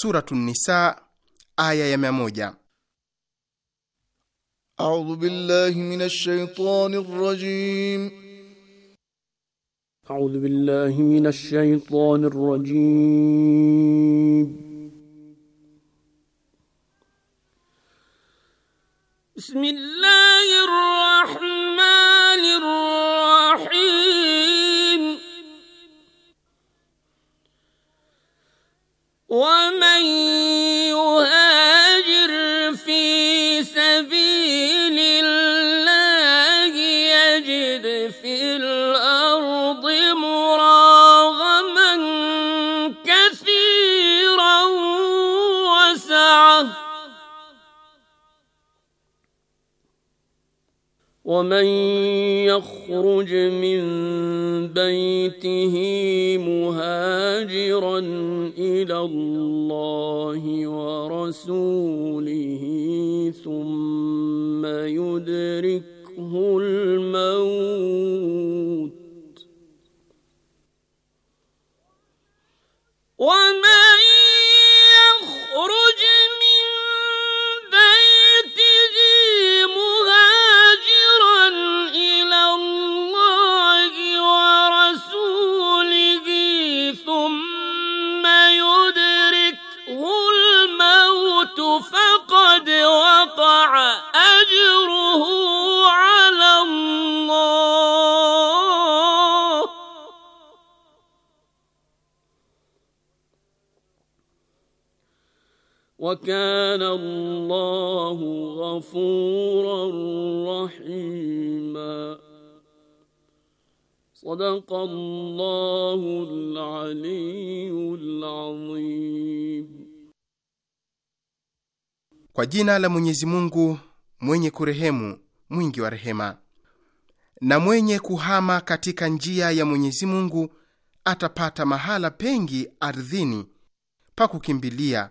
Suratu Nisa aya ya mia moja. A'udhu billahi minash shaitani rrajim. A'udhu billahi minash shaitani rrajim. بسم الله ومن يخرج من بيته مهاجرا الى الله ورسوله ثم يدركه الموت ومن Wakana Allahu ghafuran rahima. Sadaqa Allahu al-aliyyul Kwa jina la Mwenyezi Mungu mwenye kurehemu mwingi wa rehema. Na mwenye kuhama katika njia ya Mwenyezi Mungu atapata mahala pengi ardhini pa kukimbilia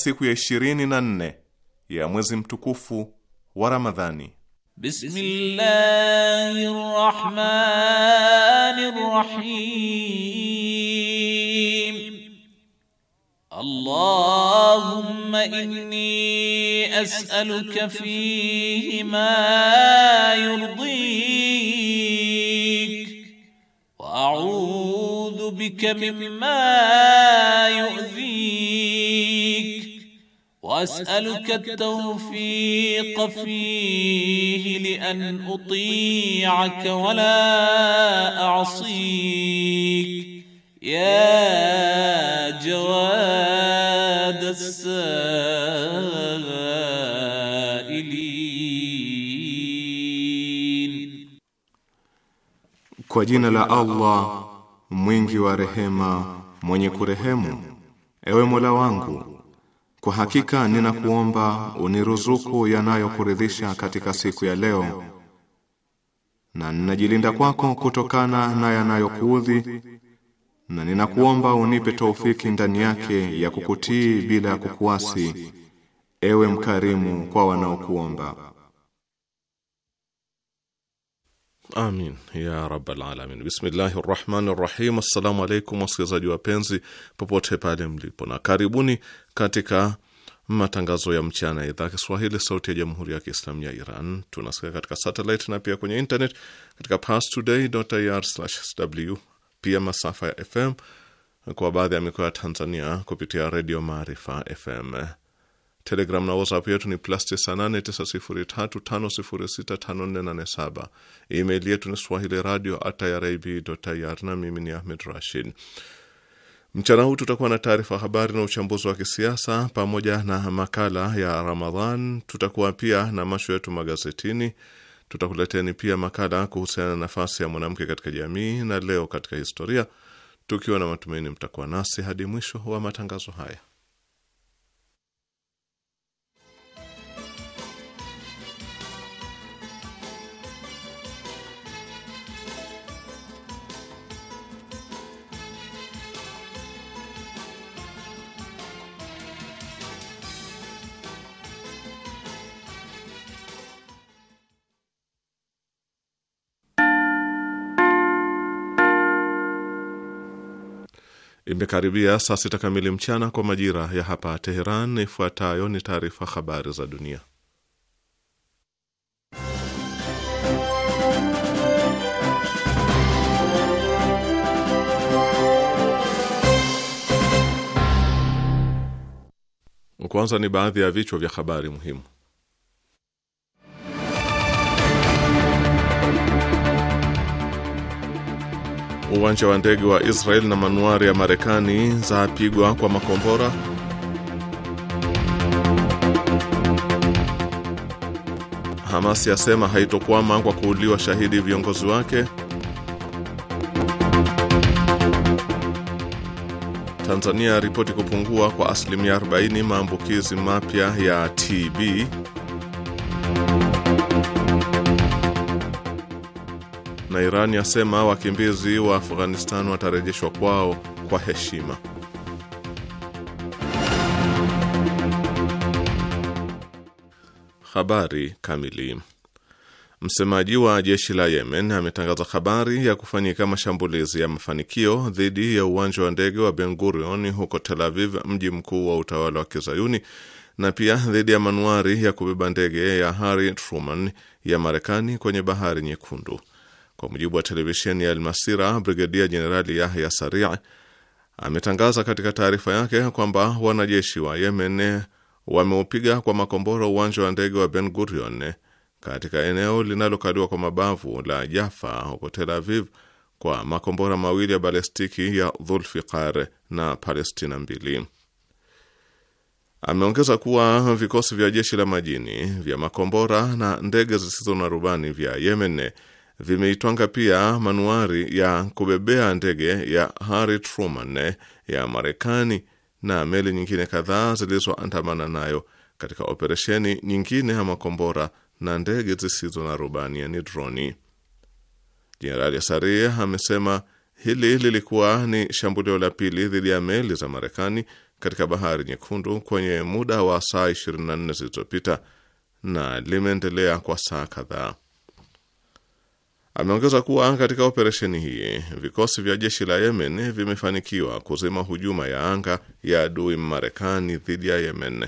siku ya ishirini na nne ya mwezi mtukufu wa Ramadhani. Bismillahirrahmanirrahim. Allahumma inni as'aluka fihi ma yurdik wa a'udhu bika mimma yu'dhik واسالك التوفيق فيه لان اطيعك ولا اعصيك يا جواد السائلين كوجين لا الله مينجي ورحمه مونيكو كرهمه ايوه مولا وانكو Kwa hakika ninakuomba uniruzuku yanayokuridhisha katika siku ya leo, na ninajilinda kwako kutokana na yanayokuudhi, na ninakuomba unipe taufiki ndani yake ya kukutii bila ya kukuasi, ewe mkarimu kwa wanaokuomba. Amin ya rabbal alamin. Bismillahi rahmani rahim. Assalamu alaikum wasikilizaji wapenzi popote pale mlipo, na karibuni katika matangazo ya mchana ya idhaa Kiswahili sauti ya jamhuri ya Kiislamu ya Iran. Tunasikia katika satelit na pia kwenye internet katika parstoday.ir/sw, pia masafa ya FM kwa baadhi ya mikoa ya Tanzania kupitia redio Maarifa FM. Telegram na WhatsApp yetu ni plus 989035065487. Email yetu ni swahili radio atirib.ir, na mimi ni Ahmed Rashid. Mchana huu tutakuwa na taarifa habari na uchambuzi wa kisiasa pamoja na makala ya Ramadhan. Tutakuwa pia na masho yetu magazetini. Tutakuleteni pia makala kuhusiana na nafasi ya mwanamke katika jamii na leo katika historia, tukiwa na matumaini mtakuwa nasi hadi mwisho wa matangazo haya. Imekaribia saa sita kamili mchana kwa majira ya hapa Teheran. Ifuatayo ni taarifa habari za dunia. Kwanza ni baadhi ya vichwa vya habari muhimu. Uwanja wa ndege wa Israel na manuari ya Marekani zapigwa kwa makombora. Hamas yasema haitokwama kwa kuuliwa shahidi viongozi wake. Tanzania ripoti kupungua kwa asilimia 40 maambukizi mapya ya TB. na Iran yasema wakimbizi wa Afghanistan watarejeshwa kwao kwa heshima. Habari kamili. Msemaji wa jeshi la Yemen ametangaza habari ya kufanyika mashambulizi ya mafanikio dhidi ya uwanja wa ndege wa Ben Gurion huko Tel Aviv, mji mkuu wa utawala wa Kizayuni, na pia dhidi ya manuari ya kubeba ndege ya Harry Truman ya Marekani kwenye Bahari Nyekundu. Kwa mujibu wa televisheni ya Almasira, Brigedia Jenerali Yahya sari ametangaza katika taarifa yake kwamba wanajeshi wa Yemen wameupiga kwa makombora uwanja wa ndege wa Ben Gurion katika eneo linalokaliwa kwa mabavu la Jaffa huko Tel Aviv kwa makombora mawili ya balestiki ya Dhulfiqar na Palestina mbili. Ameongeza kuwa vikosi vya jeshi la majini vya makombora na ndege zisizo na rubani vya Yemen vimeitwanga pia manuari ya kubebea ndege ya Harry Truman eh, ya Marekani na meli nyingine kadhaa zilizoandamana nayo katika operesheni nyingine ya makombora na ndege zisizo na rubani, yani droni. Jenerali sari amesema hili lilikuwa ni shambulio la pili dhidi ya meli za Marekani katika Bahari Nyekundu kwenye muda wa saa 24 zilizopita na limeendelea kwa saa kadhaa. Ameongeza kuwa katika operesheni hii vikosi vya jeshi la Yemen vimefanikiwa kuzima hujuma ya anga ya adui Marekani dhidi ya Yemen.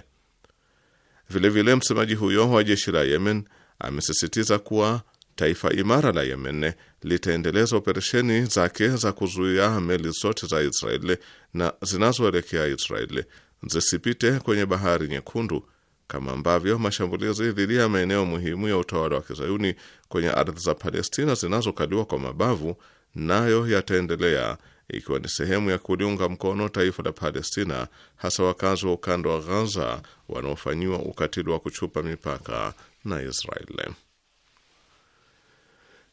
Vilevile vile msemaji huyo wa jeshi la Yemen amesisitiza kuwa taifa imara la Yemen litaendeleza operesheni zake za kuzuia meli zote za Israeli na zinazoelekea Israeli zisipite kwenye bahari Nyekundu kama ambavyo mashambulizi dhidi ya maeneo muhimu ya utawala wa kizayuni kwenye ardhi za Palestina zinazokaliwa kwa mabavu nayo yataendelea ikiwa ni sehemu ya kuliunga mkono taifa la Palestina, hasa wakazi wa ukanda wa Ghaza wanaofanyiwa ukatili wa kuchupa mipaka na Israeli.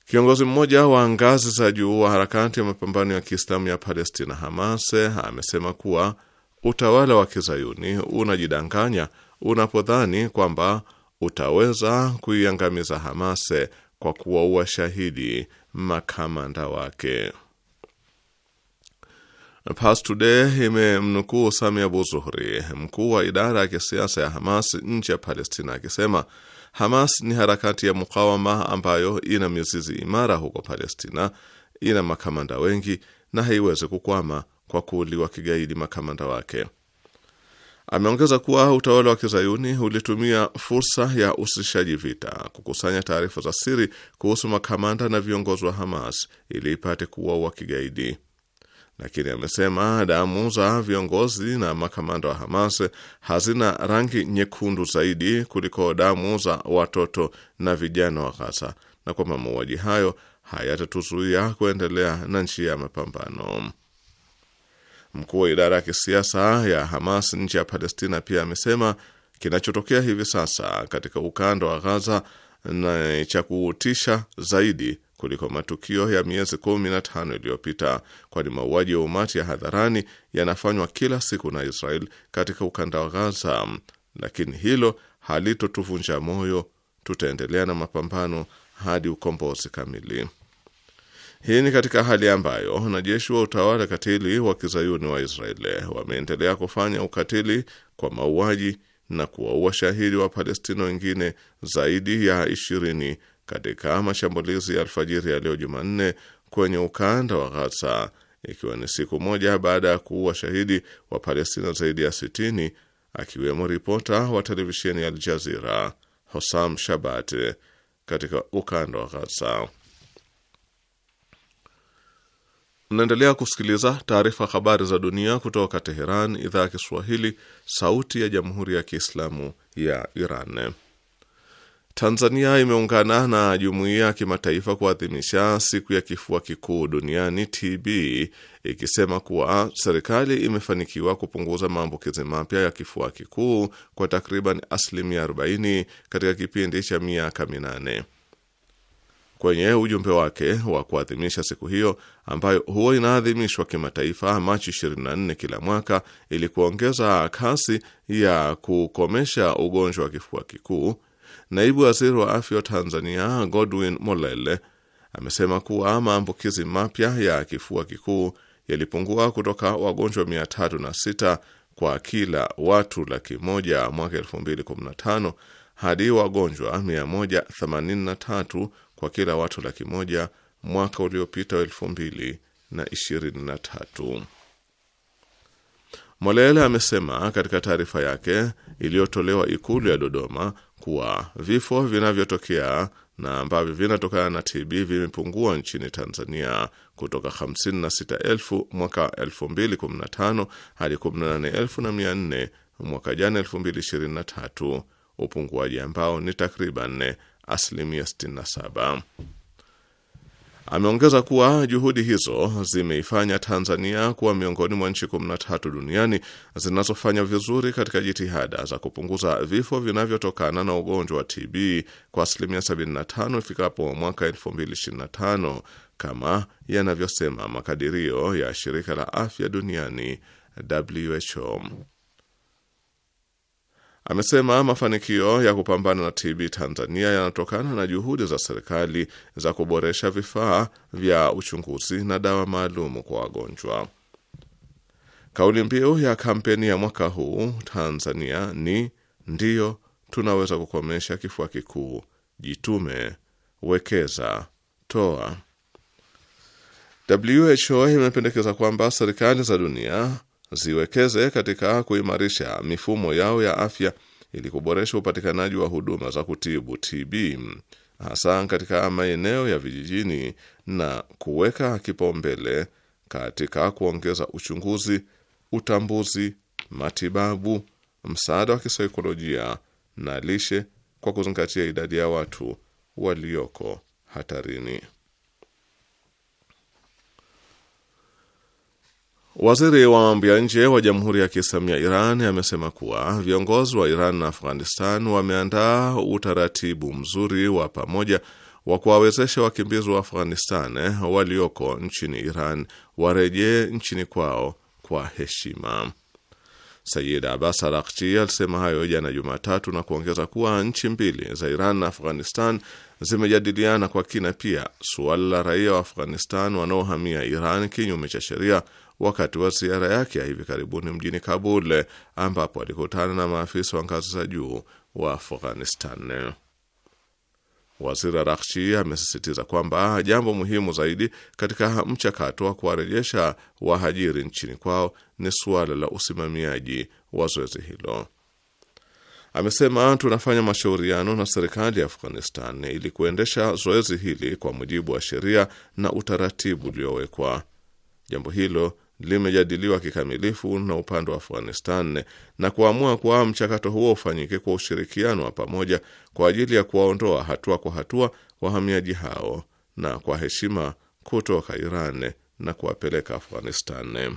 Kiongozi mmoja wa ngazi za juu wa harakati ya mapambano ya Kiislamu ya Palestina, Hamas, amesema kuwa utawala wa kizayuni unajidanganya unapodhani kwamba utaweza kuiangamiza Hamas kwa kuwaua shahidi makamanda wake. Pas Today imemnukuu Sami Abu Zuhri, mkuu wa idara ya kisiasa ya Hamas nchi ya Palestina, akisema Hamas ni harakati ya mukawama ambayo ina mizizi imara huko Palestina, ina makamanda wengi na haiwezi kukwama kwa kuuliwa kigaidi makamanda wake. Ameongeza kuwa utawala wa kizayuni ulitumia fursa ya usitishaji vita kukusanya taarifa za siri kuhusu makamanda na viongozi wa Hamas ili ipate kuwaua kigaidi. Lakini amesema damu za viongozi na makamanda wa Hamas hazina rangi nyekundu zaidi kuliko damu za watoto na vijana wa Ghaza na kwamba mauaji hayo hayatatuzuia kuendelea na njia ya mapambano. Mkuu wa idara ya kisiasa ya Hamas nchi ya Palestina pia amesema kinachotokea hivi sasa katika ukanda wa Ghaza na cha kutisha zaidi kuliko matukio ya miezi kumi na tano iliyopita, kwani mauaji ya umati ya hadharani yanafanywa kila siku na Israel katika ukanda wa Ghaza, lakini hilo halitotuvunja moyo. Tutaendelea na mapambano hadi ukombozi kamili. Hii ni katika hali ambayo wanajeshi wa utawala katili wa kizayuni wa Israeli wameendelea kufanya ukatili kwa mauaji na kuwaua shahidi wa Palestina wengine zaidi ya ishirini katika mashambulizi ya alfajiri ya leo Jumanne kwenye ukanda wa Ghaza, ikiwa ni siku moja baada ya kuua shahidi wa Palestina zaidi ya sitini akiwemo ripota wa televisheni ya Aljazira Hosam Shabat katika ukanda wa Ghaza. Mnaendelea kusikiliza taarifa habari za dunia kutoka Teheran, idhaa ya Kiswahili, sauti ya jamhuri ya kiislamu ya Iran. Tanzania imeungana na jumuiya ya kimataifa kuadhimisha siku ya kifua kikuu duniani TB, ikisema kuwa serikali imefanikiwa kupunguza maambukizi mapya ya kifua kikuu kwa takriban asilimia 40 katika kipindi cha miaka minane. Kwenye ujumbe wake wa kuadhimisha siku hiyo ambayo huwa inaadhimishwa kimataifa Machi 24 kila mwaka ili kuongeza kasi ya kukomesha ugonjwa wa kifua kikuu, naibu waziri wa afya wa Tanzania Godwin Molele amesema kuwa maambukizi mapya ya kifua kikuu yalipungua kutoka wagonjwa 306 kwa kila watu laki moja mwaka 2015 hadi wagonjwa 183 kwa kila watu laki moja mwaka uliopita wa elfu mbili na ishirini na tatu. Molele amesema katika taarifa yake iliyotolewa Ikulu ya Dodoma kuwa vifo vinavyotokea na ambavyo vinatokana na TB vimepungua nchini Tanzania kutoka 56,000 mwaka 2015 hadi 18,400 mwaka jana 2023, upunguaji ambao ni takriban asilimia 67. Ameongeza kuwa juhudi hizo zimeifanya Tanzania kuwa miongoni mwa nchi 13 duniani zinazofanya vizuri katika jitihada za kupunguza vifo vinavyotokana na ugonjwa wa TB kwa asilimia 75 ifikapo mwaka 2025 kama yanavyosema makadirio ya shirika la afya duniani WHO. Amesema mafanikio ya kupambana na TB Tanzania yanatokana na juhudi za serikali za kuboresha vifaa vya uchunguzi na dawa maalum kwa wagonjwa. Kauli mbiu ya kampeni ya mwaka huu Tanzania ni ndiyo tunaweza kukomesha kifua kikuu, jitume, wekeza, toa. WHO imependekeza kwamba serikali za dunia ziwekeze katika kuimarisha mifumo yao ya afya ili kuboresha upatikanaji wa huduma za kutibu TB hasa katika maeneo ya vijijini na kuweka kipaumbele katika kuongeza uchunguzi, utambuzi, matibabu, msaada wa kisaikolojia na lishe kwa kuzingatia idadi ya watu walioko hatarini. Waziri wa mambo ya nje wa Jamhuri ya Kiislamu ya Iran amesema kuwa viongozi wa Iran na Afghanistan wameandaa utaratibu mzuri wa pamoja wa kuwawezesha wakimbizi wa Afghanistan walioko nchini Iran warejee nchini kwao kwa heshima. Sayid Abbas Arakchi alisema hayo jana Jumatatu na kuongeza kuwa nchi mbili za Iran na Afghanistan zimejadiliana kwa kina pia suala la raia wa Afghanistan wanaohamia Iran kinyume cha sheria wakati wa ziara yake ya hivi karibuni mjini Kabul, ambapo alikutana na maafisa wa ngazi za juu wa Afghanistan. Waziri Araghchi amesisitiza kwamba jambo muhimu zaidi katika mchakato wa kuwarejesha wahajiri nchini kwao ni suala la usimamiaji wa zoezi hilo. Amesema tunafanya mashauriano na serikali ya Afghanistan ili kuendesha zoezi hili kwa mujibu wa sheria na utaratibu uliowekwa. Jambo hilo limejadiliwa kikamilifu na upande wa Afghanistan na kuamua kuwa mchakato huo ufanyike kwa ushirikiano wa pamoja kwa ajili ya kuwaondoa hatua kwa hatua wahamiaji hao na kwa heshima kutoka Iran na kuwapeleka Afghanistan.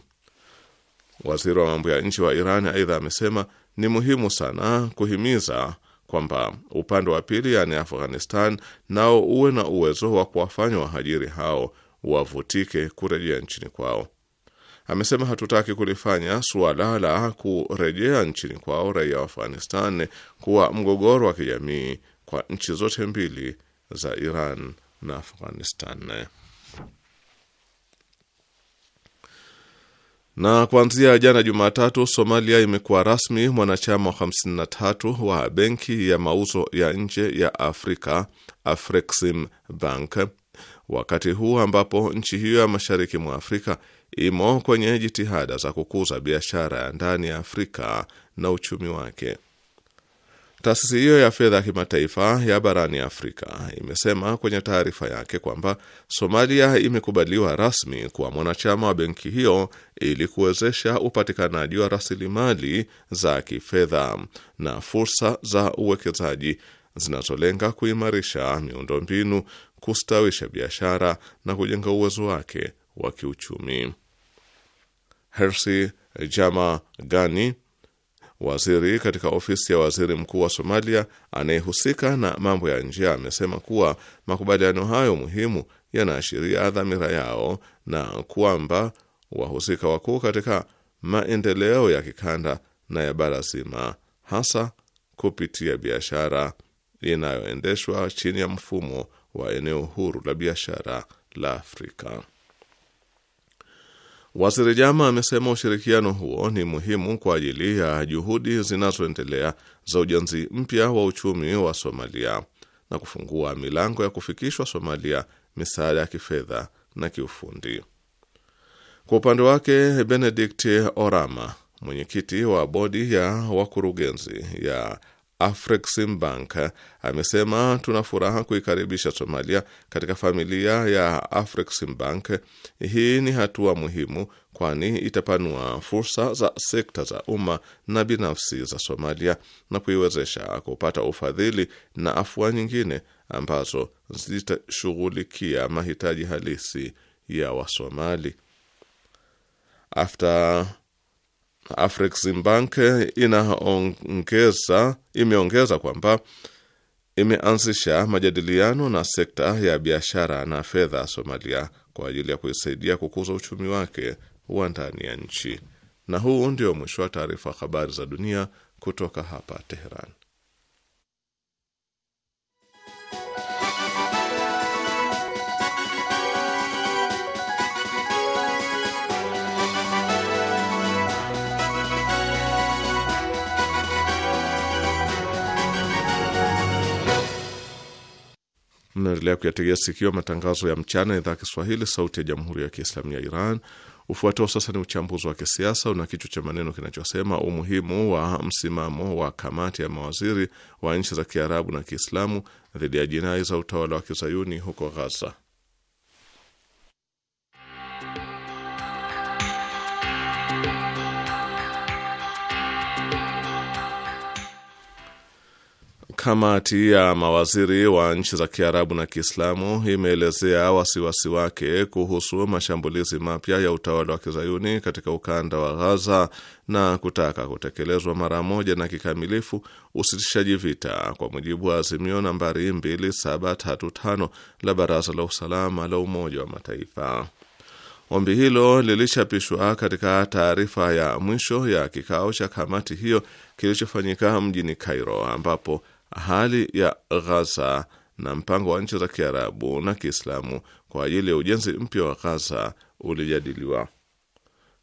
Waziri wa mambo ya nchi wa Iran aidha amesema ni muhimu sana kuhimiza kwamba upande wa pili, yaani Afghanistan, nao uwe na uwezo wa kuwafanya wahajiri hao wavutike kurejea nchini kwao amesema hatutaki kulifanya suala la kurejea nchini kwao raia wa Afghanistan kuwa mgogoro wa kijamii kwa nchi zote mbili za Iran na Afghanistan. Na kuanzia jana Jumatatu, Somalia imekuwa rasmi mwanachama wa 53 wa benki ya mauzo ya nje ya Afrika, Afrexim Bank, wakati huu ambapo nchi hiyo ya mashariki mwa Afrika imo kwenye jitihada za kukuza biashara ya ndani ya Afrika na uchumi wake. Taasisi hiyo ya fedha ya kimataifa ya barani Afrika imesema kwenye taarifa yake kwamba Somalia imekubaliwa rasmi kuwa mwanachama wa benki hiyo ili kuwezesha upatikanaji wa rasilimali za kifedha na fursa za uwekezaji zinazolenga kuimarisha miundombinu, kustawisha biashara na kujenga uwezo wake wa kiuchumi. Hersi Jama Gani, waziri katika ofisi ya waziri mkuu wa Somalia anayehusika na mambo ya nje, amesema kuwa makubaliano hayo muhimu yanaashiria dhamira yao na kwamba wahusika wakuu katika maendeleo ya kikanda na ya bara zima, hasa kupitia biashara inayoendeshwa chini ya mfumo wa eneo huru la biashara la Afrika. Waziri Jama amesema ushirikiano huo ni muhimu kwa ajili ya juhudi zinazoendelea za ujenzi mpya wa uchumi wa Somalia na kufungua milango ya kufikishwa Somalia misaada ya kifedha na kiufundi. Kwa upande wake, Benedict Orama, mwenyekiti wa bodi ya wakurugenzi ya Afreximbank amesema tuna furaha kuikaribisha Somalia katika familia ya Afreximbank. Hii ni hatua muhimu, kwani itapanua fursa za sekta za umma na binafsi za Somalia na kuiwezesha kupata ufadhili na afua nyingine ambazo zitashughulikia mahitaji halisi ya Wasomali. After Afrexim Bank inaongeza imeongeza kwamba imeanzisha majadiliano na sekta ya biashara na fedha Somalia kwa ajili ya kuisaidia kukuza uchumi wake wa ndani ya nchi. Na huu ndio mwisho wa taarifa habari za dunia kutoka hapa Teheran. Mnaendelea kuyategea sikio matangazo ya mchana, idhaa Kiswahili, sauti ya jamhuri ya kiislamu ya Iran. Ufuatao sasa ni uchambuzi wa kisiasa una kichwa cha maneno kinachosema umuhimu wa msimamo wa kamati ya mawaziri wa nchi za kiarabu na kiislamu dhidi ya jinai za utawala wa kizayuni huko Ghaza. kamati ya mawaziri wa nchi za Kiarabu na Kiislamu imeelezea wasiwasi wake kuhusu mashambulizi mapya ya utawala wa kizayuni katika ukanda wa Ghaza na kutaka kutekelezwa mara moja na kikamilifu usitishaji vita kwa mujibu wa azimio nambari 2735 la Baraza la Usalama la Umoja wa Mataifa. Ombi hilo lilichapishwa katika taarifa ya mwisho ya kikao cha kamati hiyo kilichofanyika mjini Cairo ambapo hali ya Ghaza na mpango wa nchi za Kiarabu na Kiislamu kwa ajili ya ujenzi mpya wa Ghaza ulijadiliwa.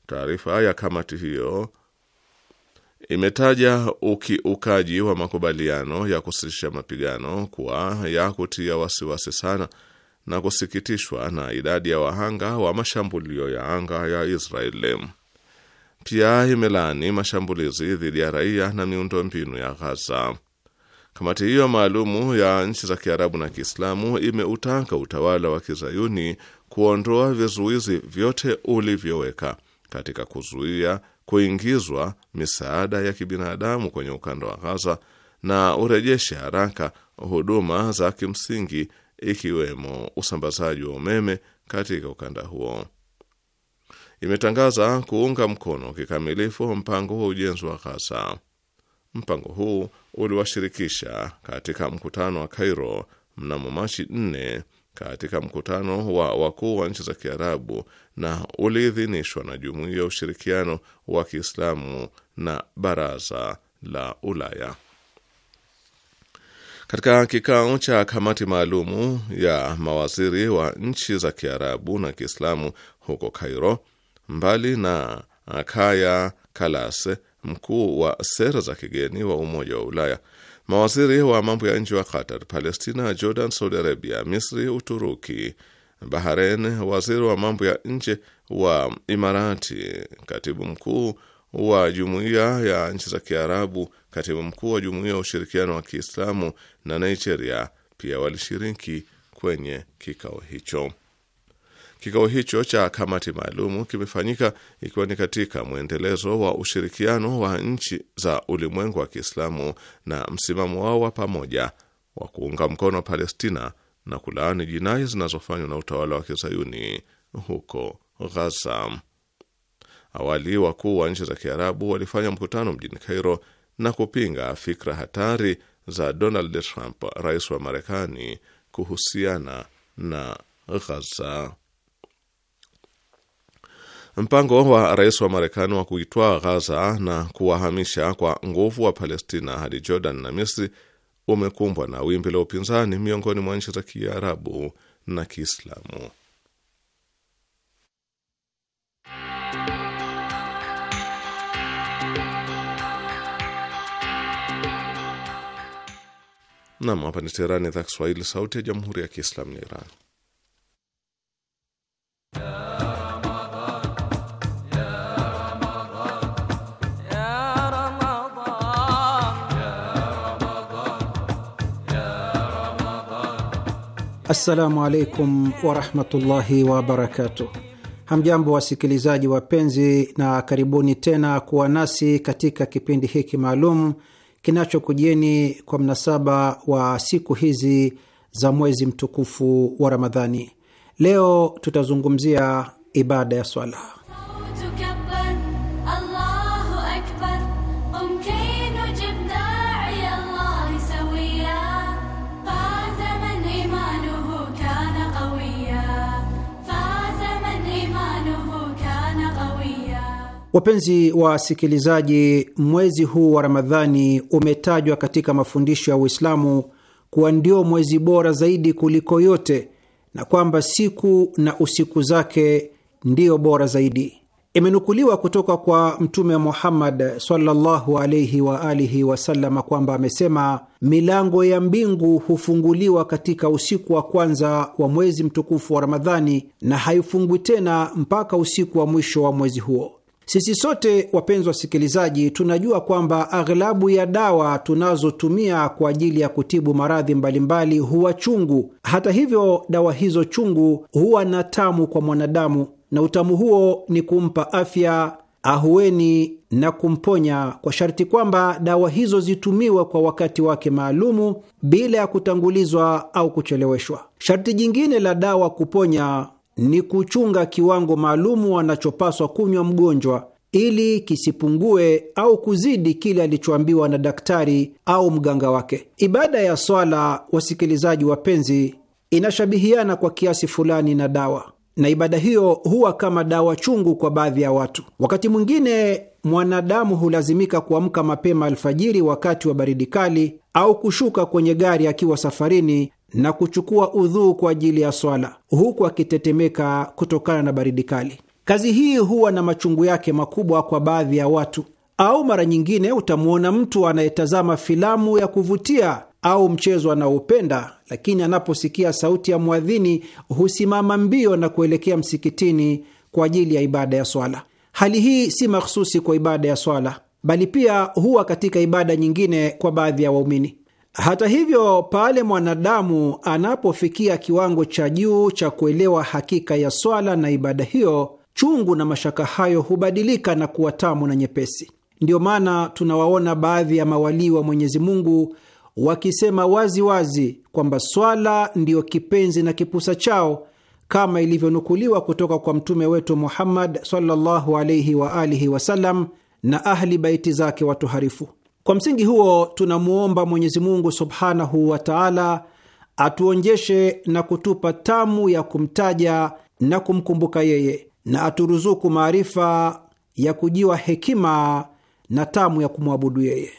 Taarifa ya kamati hiyo imetaja ukiukaji wa makubaliano ya kusitisha mapigano kuwa ya kutia wasiwasi sana na kusikitishwa na idadi ya wahanga wa mashambulio ya anga ya Israeli. Pia imelaani mashambulizi dhidi ya raia na miundombinu ya Ghaza. Kamati hiyo maalumu ya nchi za Kiarabu na Kiislamu imeutaka utawala wa kizayuni kuondoa vizuizi vyote ulivyoweka katika kuzuia kuingizwa misaada ya kibinadamu kwenye ukanda wa Ghaza na urejeshe haraka huduma za kimsingi ikiwemo usambazaji wa umeme katika ukanda huo. Imetangaza kuunga mkono kikamilifu mpango wa ujenzi wa Ghaza. Mpango huu uliwashirikisha katika mkutano wa Cairo mnamo Machi 4 katika mkutano wa wakuu wa nchi za Kiarabu na uliidhinishwa na Jumuiya ya Ushirikiano wa Kiislamu na Baraza la Ulaya. Katika kikao cha kamati maalumu ya mawaziri wa nchi za Kiarabu na Kiislamu huko Cairo, mbali na Kaya kalase mkuu wa sera za kigeni wa Umoja wa Ulaya, mawaziri wa mambo ya nje wa Qatar, Palestina, Jordan, Saudi Arabia, Misri, Uturuki, Bahrain, waziri wa mambo ya nje wa Imarati, katibu mkuu wa jumuiya ya nchi za Kiarabu, katibu mkuu wa jumuiya ya ushirikiano wa Kiislamu na Nigeria pia walishiriki kwenye kikao hicho. Kikao hicho cha kamati maalumu kimefanyika ikiwa ni katika mwendelezo wa ushirikiano wa nchi za ulimwengu wa Kiislamu na msimamo wao wa pamoja wa kuunga mkono Palestina na kulaani jinai zinazofanywa na utawala wa kizayuni huko Ghaza. Awali wakuu wa nchi za Kiarabu walifanya mkutano mjini Cairo na kupinga fikra hatari za Donald Trump, rais wa Marekani, kuhusiana na Ghaza. Mpango wa rais wa Marekani wa kuitwaa Ghaza na kuwahamisha kwa nguvu wa Palestina hadi Jordan na Misri umekumbwa na wimbi la upinzani miongoni mwa nchi za Kiarabu na Kiislamu. Nam, hapa ni Teherani, idhaa Kiswahili, sauti ya jamhuri ya Kiislamu ya Iran. Assalamu alaikum warahmatullahi wabarakatuh. Hamjambo wasikilizaji wapenzi, na karibuni tena kuwa nasi katika kipindi hiki maalum kinachokujieni kwa mnasaba wa siku hizi za mwezi mtukufu wa Ramadhani. Leo tutazungumzia ibada ya swala. Wapenzi wa wasikilizaji, mwezi huu wa Ramadhani umetajwa katika mafundisho ya Uislamu kuwa ndio mwezi bora zaidi kuliko yote na kwamba siku na usiku zake ndiyo bora zaidi. Imenukuliwa kutoka kwa Mtume Muhammad sallallahu alaihi wa alihi wasallam kwamba amesema, milango ya mbingu hufunguliwa katika usiku wa kwanza wa mwezi mtukufu wa Ramadhani na haifungwi tena mpaka usiku wa mwisho wa mwezi huo. Sisi sote wapenzi wasikilizaji, tunajua kwamba aghlabu ya dawa tunazotumia kwa ajili ya kutibu maradhi mbalimbali huwa chungu. Hata hivyo, dawa hizo chungu huwa na tamu kwa mwanadamu, na utamu huo ni kumpa afya, ahueni na kumponya, kwa sharti kwamba dawa hizo zitumiwe kwa wakati wake maalumu bila ya kutangulizwa au kucheleweshwa. Sharti jingine la dawa kuponya ni kuchunga kiwango maalumu anachopaswa kunywa mgonjwa ili kisipungue au kuzidi kile alichoambiwa na daktari au mganga wake. Ibada ya swala, wasikilizaji wapenzi, inashabihiana kwa kiasi fulani na dawa, na ibada hiyo huwa kama dawa chungu kwa baadhi ya watu. Wakati mwingine mwanadamu hulazimika kuamka mapema alfajiri wakati wa baridi kali au kushuka kwenye gari akiwa safarini na kuchukua udhuu kwa ajili ya swala huku akitetemeka kutokana na baridi kali. Kazi hii huwa na machungu yake makubwa kwa baadhi ya watu, au mara nyingine utamwona mtu anayetazama filamu ya kuvutia au mchezo anaoupenda, lakini anaposikia sauti ya mwadhini husimama mbio na kuelekea msikitini kwa ajili ya ibada ya swala. Hali hii si makhususi kwa ibada ya swala, bali pia huwa katika ibada nyingine kwa baadhi ya waumini. Hata hivyo, pale mwanadamu anapofikia kiwango cha juu cha kuelewa hakika ya swala na ibada hiyo, chungu na mashaka hayo hubadilika na kuwa tamu na nyepesi. Ndiyo maana tunawaona baadhi ya mawalii wa Mwenyezi Mungu wakisema wazi wazi kwamba swala ndiyo kipenzi na kipusa chao kama ilivyonukuliwa kutoka kwa mtume wetu Muhammad sallallahu alaihi wa alihi wasallam na ahli baiti zake watoharifu. Kwa msingi huo tunamwomba Mwenyezi Mungu subhanahu wa taala atuonjeshe na kutupa tamu ya kumtaja na kumkumbuka yeye, na aturuzuku maarifa ya kujiwa hekima na tamu ya kumwabudu yeye.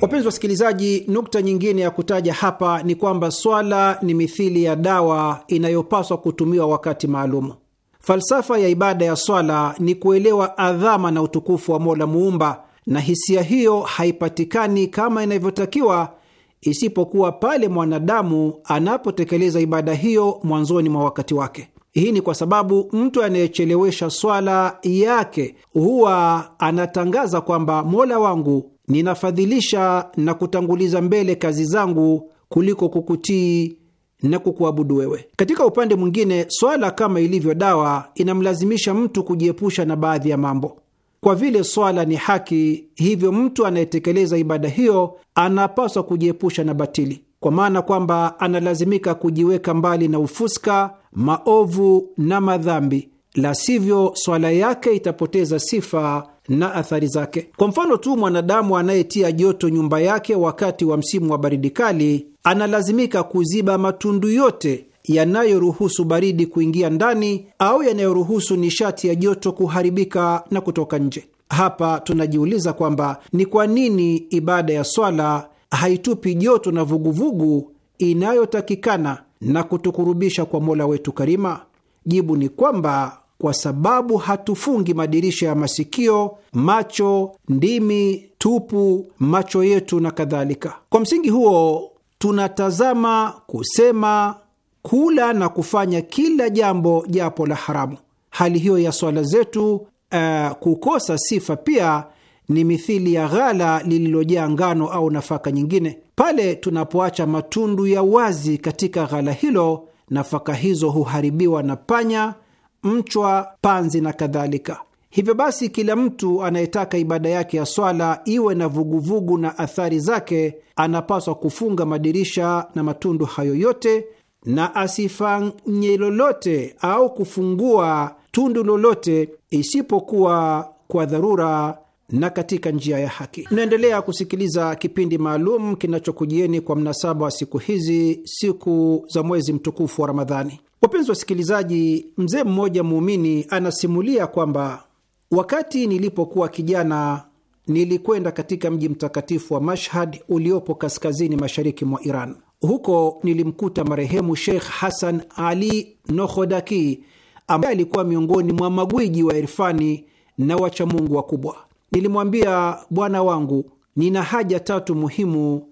Wapenzi wasikilizaji, nukta nyingine ya kutaja hapa ni kwamba swala ni mithili ya dawa inayopaswa kutumiwa wakati maalum. Falsafa ya ibada ya swala ni kuelewa adhama na utukufu wa Mola Muumba, na hisia hiyo haipatikani kama inavyotakiwa isipokuwa pale mwanadamu anapotekeleza ibada hiyo mwanzoni mwa wakati wake. Hii ni kwa sababu mtu anayechelewesha swala yake huwa anatangaza kwamba Mola wangu, ninafadhilisha na kutanguliza mbele kazi zangu kuliko kukutii na kukuabudu wewe. Katika upande mwingine, swala kama ilivyo dawa inamlazimisha mtu kujiepusha na baadhi ya mambo. Kwa vile swala ni haki, hivyo mtu anayetekeleza ibada hiyo anapaswa kujiepusha na batili kwa maana kwamba analazimika kujiweka mbali na ufuska, maovu na madhambi, la sivyo swala yake itapoteza sifa na athari zake. Kwa mfano tu, mwanadamu anayetia joto nyumba yake wakati wa msimu wa baridi kali analazimika kuziba matundu yote yanayoruhusu baridi kuingia ndani au yanayoruhusu nishati ya joto kuharibika na kutoka nje. Hapa tunajiuliza kwamba ni kwa nini ibada ya swala haitupi joto na vuguvugu inayotakikana na kutukurubisha kwa Mola wetu Karima? Jibu ni kwamba kwa sababu hatufungi madirisha ya masikio, macho, ndimi, tupu, macho yetu na kadhalika. Kwa msingi huo, tunatazama, kusema, kula na kufanya kila jambo japo la haramu. Hali hiyo ya swala zetu uh, kukosa sifa pia ni mithili ya ghala lililojaa ngano au nafaka nyingine. Pale tunapoacha matundu ya wazi katika ghala hilo, nafaka hizo huharibiwa na panya, mchwa, panzi na kadhalika. Hivyo basi, kila mtu anayetaka ibada yake ya swala iwe na vuguvugu na athari zake anapaswa kufunga madirisha na matundu hayo yote na asifanye lolote au kufungua tundu lolote isipokuwa kwa dharura na katika njia ya haki. naendelea kusikiliza kipindi maalum kinachokujieni kwa mnasaba wa siku hizi, siku za mwezi mtukufu wa Ramadhani. Wapenzi wasikilizaji, mzee mmoja muumini anasimulia kwamba wakati nilipokuwa kijana nilikwenda katika mji mtakatifu wa Mashhad uliopo kaskazini mashariki mwa Iran. Huko nilimkuta marehemu Sheikh Hasan Ali Nohodaki ambaye alikuwa miongoni mwa magwiji wa irfani na wachamungu wakubwa. Nilimwambia bwana wangu, nina haja tatu muhimu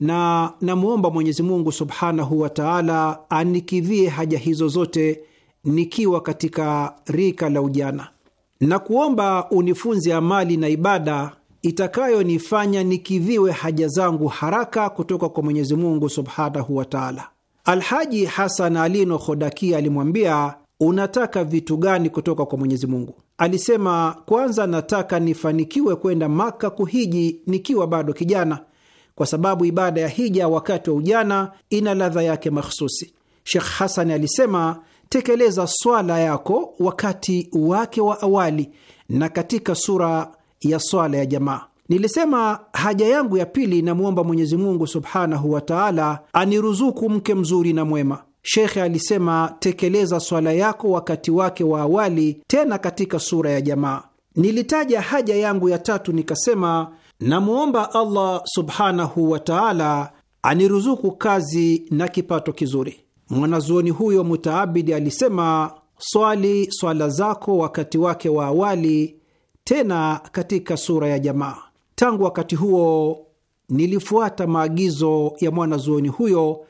na namwomba Mwenyezi Mungu subhanahu wa taala anikidhie haja hizo zote nikiwa katika rika la ujana, na kuomba unifunze amali na ibada itakayonifanya nikidhiwe haja zangu haraka kutoka kwa Mwenyezi Mungu subhanahu wa taala. Alhaji Hasan Alino Khodakia alimwambia unataka vitu gani kutoka kwa Mwenyezi Mungu? Alisema, kwanza nataka nifanikiwe kwenda Maka kuhiji nikiwa bado kijana, kwa sababu ibada ya hija wakati wa ujana ina ladha yake mahsusi. Shekh Hasani alisema, tekeleza swala yako wakati wake wa awali na katika sura ya swala ya jamaa. Nilisema haja yangu ya pili, namwomba Mwenyezi Mungu subhanahu wa taala aniruzuku mke mzuri na mwema Shekhe alisema, tekeleza swala yako wakati wake wa awali, tena katika sura ya jamaa. Nilitaja haja yangu ya tatu, nikasema namwomba Allah subhanahu wa taala aniruzuku kazi na kipato kizuri. Mwanazuoni huyo mutaabidi alisema, swali swala zako wakati wake wa awali, tena katika sura ya jamaa. Tangu wakati huo nilifuata maagizo ya mwanazuoni huyo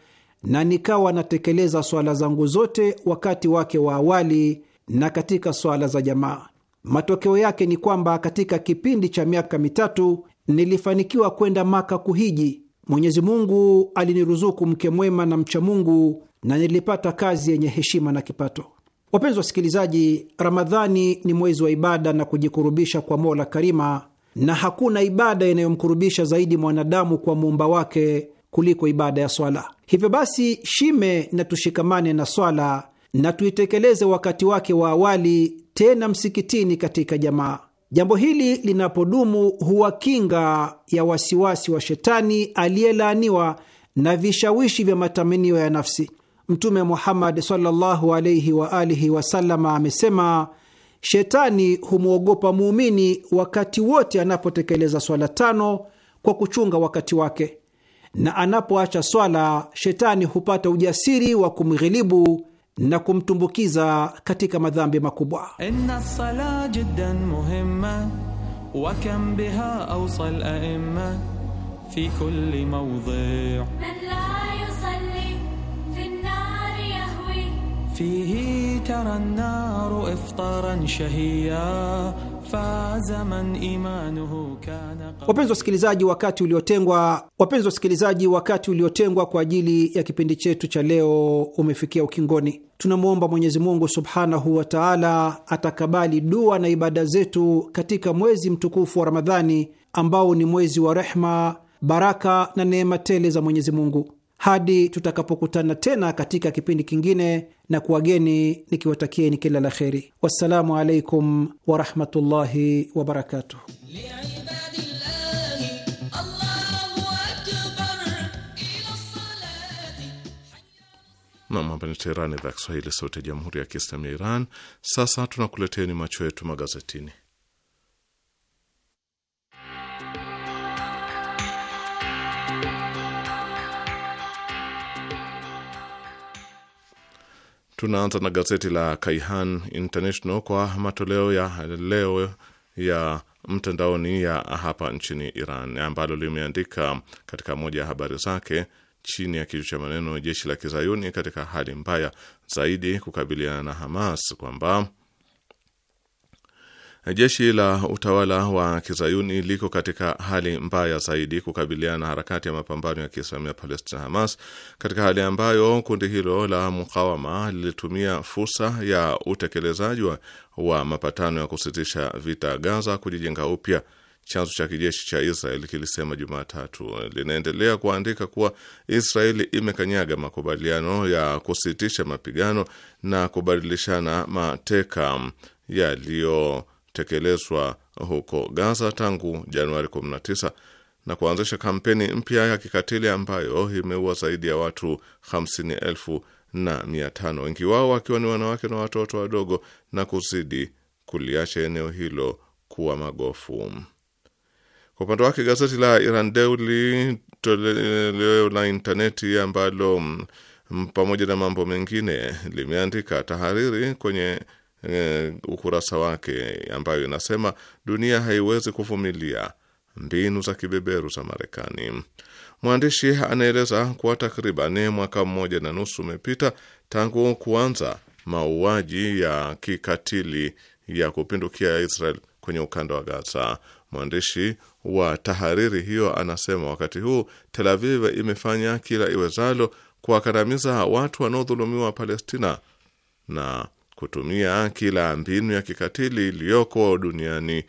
na nikawa natekeleza swala zangu zote wakati wake wa awali na katika swala za jamaa. Matokeo yake ni kwamba katika kipindi cha miaka mitatu nilifanikiwa kwenda Maka kuhiji. Mwenyezi Mungu aliniruzuku mke mwema na mcha Mungu na nilipata kazi yenye heshima na kipato. Wapenzi wasikilizaji, Ramadhani ni mwezi wa ibada na kujikurubisha kwa Mola Karima, na hakuna ibada inayomkurubisha zaidi mwanadamu kwa muumba wake kuliko ibada ya swala. Hivyo basi, shime na tushikamane na swala na tuitekeleze wakati wake wa awali, tena msikitini, katika jamaa. Jambo hili linapodumu huwa kinga ya wasiwasi wa shetani aliyelaaniwa na vishawishi vya matamanio ya nafsi. Mtume Muhammad sallallahu wa alihi amesema, shetani humwogopa muumini wakati wote anapotekeleza swala tano kwa kuchunga wakati wake na anapoacha swala, shetani hupata ujasiri wa kumghilibu na kumtumbukiza katika madhambi makubwa. Fihi tara iftaran Wapenzi wasikilizaji, wakati uliotengwa wapenzi wasikilizaji, wakati uliotengwa kwa ajili ya kipindi chetu cha leo umefikia ukingoni. Tunamwomba Mwenyezi Mungu subhanahu wa taala atakabali dua na ibada zetu katika mwezi mtukufu wa Ramadhani ambao ni mwezi wa rehma, baraka na neema tele za Mwenyezi Mungu hadi tutakapokutana tena katika kipindi kingine, na kuwageni nikiwatakieni kila la kheri. Wassalamu alaikum warahmatullahi wabarakatuh. Nam, Teherani, idhaa Kiswahili, sauti ya jamhuri ya kiislamu ya Iran. Sasa tunakuleteni macho yetu magazetini. Tunaanza na gazeti la Kaihan International kwa matoleo ya leo ya mtandaoni ya hapa nchini Iran, ambalo limeandika katika moja ya habari zake chini ya kichwa cha maneno jeshi la kizayuni katika hali mbaya zaidi kukabiliana na Hamas kwamba Jeshi la utawala wa kizayuni liko katika hali mbaya zaidi kukabiliana na harakati ya mapambano ya ya Palestina, Hamas, katika hali ambayo kundi hilo la mukawama lilitumia fursa ya utekelezaji wa mapatano ya kusitisha vita Gaza kujijenga upya. Chanzo cha kijeshi cha Israel kilisema Jumatatu. Linaendelea kuandika kuwa Israeli imekanyaga makubaliano ya kusitisha mapigano na kubadilishana mateka yaliyo kutekelezwa huko Gaza tangu Januari 19 na kuanzisha kampeni mpya ya kikatili ambayo imeua zaidi ya watu 50,000 na 500, wengi wao wakiwa ni wanawake na watoto wadogo na kuzidi kuliacha eneo hilo kuwa magofu. Kwa upande wake gazeti la Iran Daily toleo la intaneti ambalo mm, pamoja na mambo mengine limeandika tahariri kwenye e, ukurasa wake ambayo inasema dunia haiwezi kuvumilia mbinu za kibeberu za Marekani. Mwandishi anaeleza kuwa takriban mwaka mmoja na nusu umepita tangu kuanza mauaji ya kikatili ya kupindukia Israel kwenye ukanda wa Gaza. Mwandishi wa tahariri hiyo anasema wakati huu Tel Aviv imefanya kila iwezalo kuwakandamiza watu wanaodhulumiwa Palestina na kutumia kila mbinu ya kikatili iliyoko duniani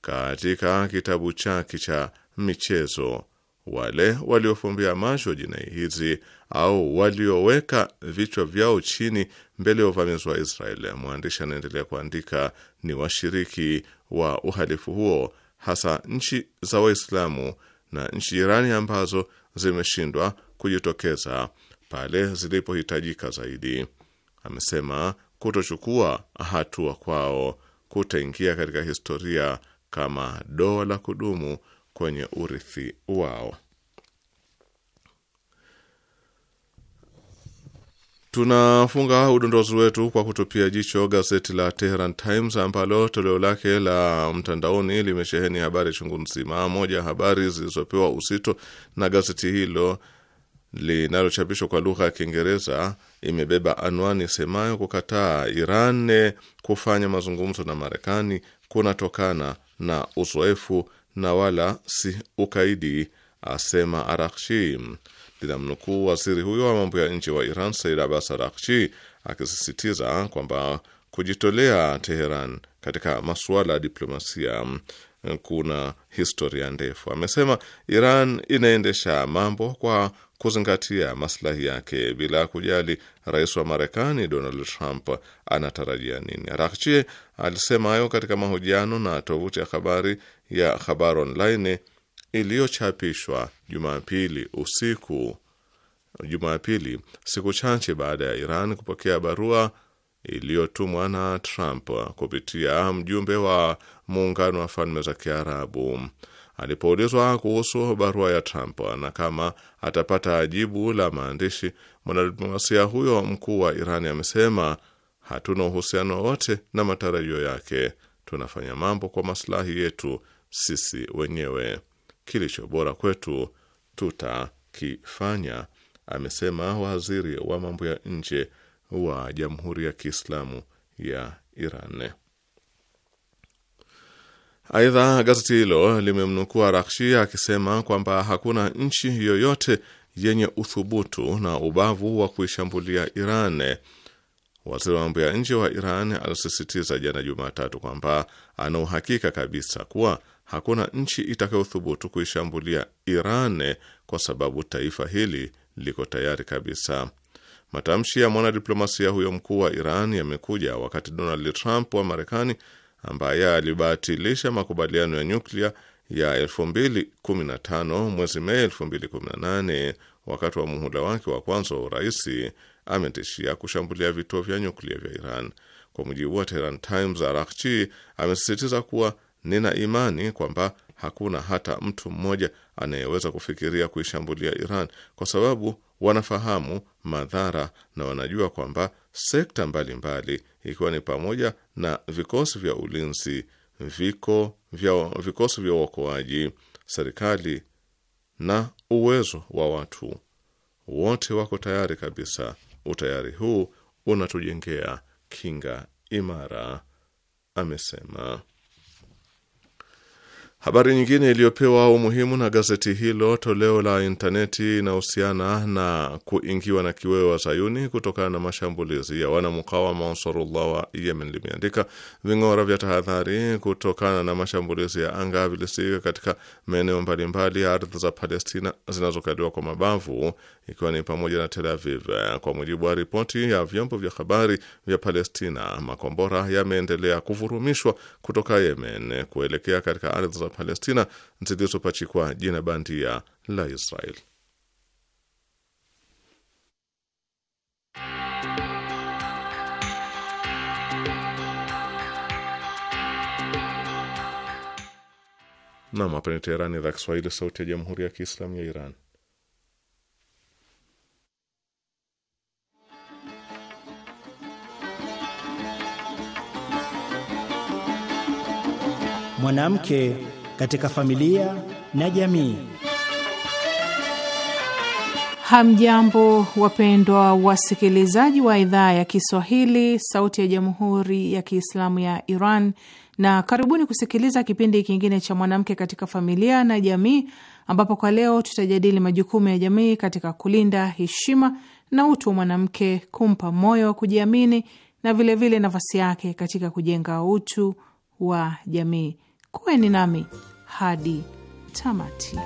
katika kitabu chake cha michezo. Wale waliofumbia macho jinai hizi au walioweka vichwa vyao chini mbele ya uvamizi wa Israel, mwandishi anaendelea kuandika, ni washiriki wa uhalifu huo, hasa nchi za Waislamu na nchi jirani ambazo zimeshindwa kujitokeza pale zilipohitajika zaidi. Amesema kutochukua hatua kwao kutaingia katika historia kama doa la kudumu kwenye urithi wao. Tunafunga udondozi wetu kwa kutupia jicho gazeti la Teheran Times ambalo toleo lake la mtandaoni limesheheni habari chungu nzima. Moja ya habari zilizopewa uzito na gazeti hilo linalochapishwa kwa lugha ya Kiingereza imebeba anwani semayo kukataa Iran kufanya mazungumzo na Marekani kunatokana na uzoefu na wala si ukaidi, asema Arakshi. Linamnukuu waziri huyo wa mambo ya nje wa Iran Said Abbas Arakshi akisisitiza kwamba kujitolea Teheran katika masuala ya diplomasia kuna historia ndefu. Amesema Iran inaendesha mambo kwa kuzingatia maslahi yake bila kujali rais wa Marekani Donald Trump anatarajia nini. Araghchi alisema hayo katika mahojiano na tovuti ya habari ya habar online iliyochapishwa Jumapili usiku, Jumapili siku chache baada ya Iran kupokea barua iliyotumwa na Trump kupitia mjumbe wa muungano wa falme za Kiarabu Alipoulizwa kuhusu barua ya Trump na kama atapata jibu la maandishi, mwanadiplomasia huyo mkuu wa iran amesema hatuna uhusiano wote na matarajio yake, tunafanya mambo kwa maslahi yetu sisi wenyewe. Kilicho bora kwetu tutakifanya, amesema waziri wa mambo ya nje wa Jamhuri ya Kiislamu ya Iran. Aidha, gazeti hilo limemnukua Rakshi akisema kwamba hakuna nchi yoyote yenye uthubutu na ubavu wa kuishambulia Iran. Waziri wa mambo ya nje wa Iran alisisitiza jana Jumatatu kwamba ana uhakika kabisa kuwa hakuna nchi itakayothubutu kuishambulia Iran kwa sababu taifa hili liko tayari kabisa. Matamshi ya mwanadiplomasia huyo mkuu wa Iran yamekuja wakati Donald Trump wa Marekani ambaye alibatilisha makubaliano ya nyuklia ya 2015 mwezi Mei 2018 wakati wa muhula wake wa kwanza wa urais, ametishia kushambulia vituo vya nyuklia vya Iran. Kwa mujibu wa Tehran Times, Arakchi amesisitiza kuwa nina imani kwamba hakuna hata mtu mmoja anayeweza kufikiria kuishambulia Iran kwa sababu wanafahamu madhara na wanajua kwamba sekta mbalimbali ikiwa ni pamoja na vikosi vya ulinzi viko vya vikosi vya uokoaji, serikali na uwezo wa watu wote wako tayari kabisa. Utayari huu unatujengea kinga imara, amesema. Habari nyingine iliyopewa umuhimu na gazeti hilo toleo la intaneti inahusiana na kuingiwa na kiwewe zayuni kutokana na mashambulizi ya wanamukawama wa Ansarullah wa Yemen limeandika ving'ora vya tahadhari kutokana na mashambulizi ya anga vilisikika katika maeneo mbalimbali ya ardhi za Palestina zinazokaliwa kwa mabavu ikiwa ni pamoja na Tel Aviv. Kwa mujibu wa ripoti ya vyombo vya habari vya Palestina, makombora yameendelea kuvurumishwa kutoka Yemen kuelekea katika ardhi za Palestina zilizopachikwa jina bandia la Israel. Nam, hapa ni Teherani, idhaa Kiswahili, sauti ya jamhuri ya kiislamu ya Iran. mwanamke katika familia na jamii. Hamjambo, wapendwa wasikilizaji wa idhaa ya Kiswahili, Sauti ya Jamhuri ya Kiislamu ya Iran, na karibuni kusikiliza kipindi kingine cha mwanamke katika familia na jamii, ambapo kwa leo tutajadili majukumu ya jamii katika kulinda heshima na utu wa mwanamke, kumpa moyo wa kujiamini na vilevile nafasi yake katika kujenga utu wa jamii. Kuweni nami hadi tamati.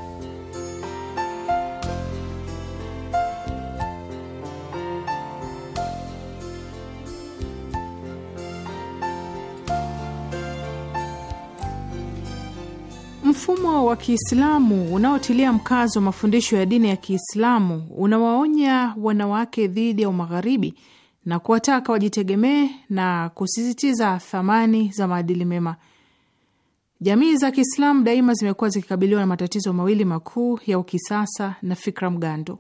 Mfumo wa Kiislamu unaotilia mkazo wa mafundisho ya dini ya Kiislamu unawaonya wanawake dhidi ya umagharibi na kuwataka wajitegemee na kusisitiza thamani za maadili mema. Jamii za Kiislamu daima zimekuwa zikikabiliwa na matatizo mawili makuu ya ukisasa na fikra mgando.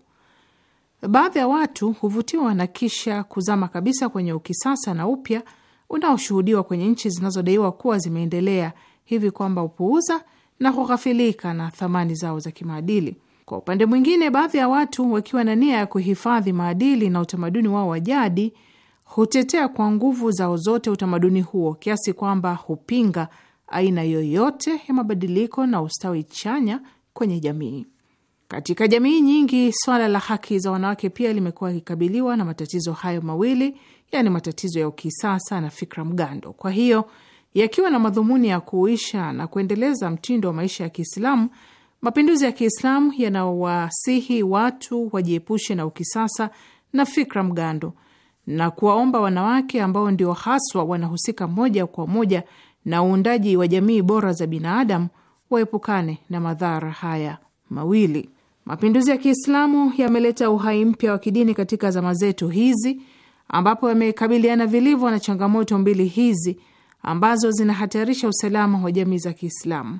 Baadhi ya watu huvutiwa na kisha kuzama kabisa kwenye ukisasa na upya unaoshuhudiwa kwenye nchi zinazodaiwa kuwa zimeendelea hivi kwamba upuuza na kughafilika na thamani zao za kimaadili. Kwa upande mwingine, baadhi ya watu wakiwa na nia ya kuhifadhi maadili na utamaduni wao wa jadi hutetea kwa nguvu zao zote utamaduni huo kiasi kwamba hupinga aina yoyote ya mabadiliko na ustawi chanya kwenye jamii. Katika jamii nyingi, swala la haki za wanawake pia limekuwa likikabiliwa na matatizo hayo mawili, yaani matatizo ya ukisasa na fikra mgando. Kwa hiyo yakiwa na madhumuni ya kuisha na kuendeleza mtindo wa maisha ya Kiislamu, mapinduzi ya Kiislamu yanawasihi watu wajiepushe na ukisasa na fikra mgando na kuwaomba wanawake ambao ndio haswa wanahusika moja kwa moja na uundaji wa jamii bora za binadamu waepukane na madhara haya mawili. Mapinduzi ya Kiislamu yameleta uhai mpya wa kidini katika zama zetu hizi, ambapo yamekabiliana vilivyo na changamoto mbili hizi ambazo zinahatarisha usalama wa jamii za Kiislamu.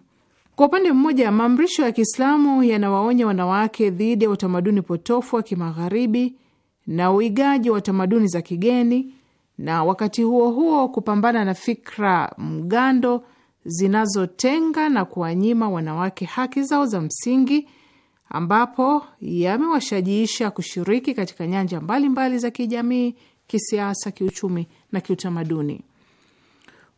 Kwa upande mmoja, maamrisho ya Kiislamu yanawaonya wanawake dhidi ya utamaduni potofu wa Kimagharibi na uigaji wa tamaduni za kigeni na wakati huo huo kupambana na fikra mgando zinazotenga na kuwanyima wanawake haki zao za msingi, ambapo yamewashajiisha kushiriki katika nyanja mbalimbali mbali za kijamii, kisiasa, kiuchumi na kiutamaduni.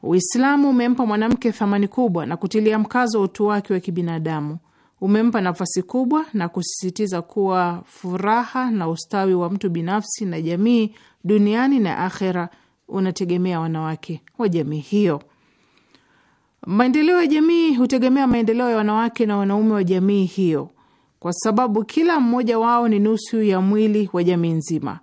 Uislamu umempa mwanamke thamani kubwa na kutilia mkazo utu wake wa kibinadamu. Umempa nafasi kubwa na kusisitiza kuwa furaha na ustawi wa mtu binafsi na jamii duniani na akhera unategemea wanawake wa jamii hiyo. Maendeleo ya jamii hutegemea maendeleo ya wanawake na wanaume wa jamii hiyo, kwa sababu kila mmoja wao ni nusu ya mwili wa jamii nzima.